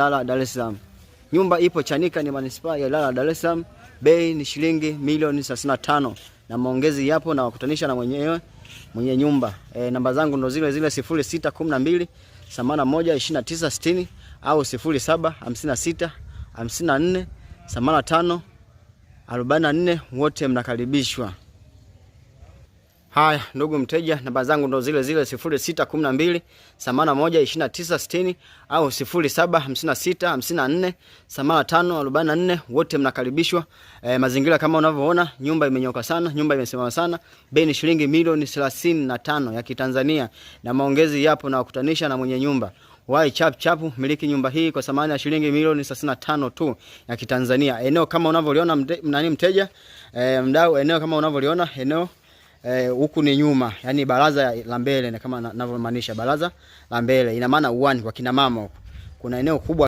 Ilala Dar es Salaam. Nyumba ipo Chanika ni manispaa ya Ilala Dar es Salaam. Bei ni shilingi milioni 35 na maongezi yapo na wakutanisha na mwenyewe mwenye nyumba. E, namba zangu ndo zile zile 0612 81 2960 au 0756 54 85 44 wote mnakaribishwa. Haya ndugu mteja, namba zangu ndo zile zile 0612 81 au 0756 Wote mnakaribishwa. E, mazingira kama unavyoona, nyumba imenyoka sana, nyumba imesimama sana. Bei ni shilingi milioni 35 ya Kitanzania na maongezi yapo na kukutanisha na mwenye nyumba Wai chap chapu miliki nyumba hii kwa thamani ya shilingi milioni 35 tu ya Kitanzania. Eneo kama unavyoliona mte, nani mteja? E, mdau, eneo kama unavyoliona eneo Eh, huku ni nyuma, yani baraza la mbele, kama ninavyomaanisha baraza la mbele, ina maana uani kwa kina mama kuna eneo kubwa.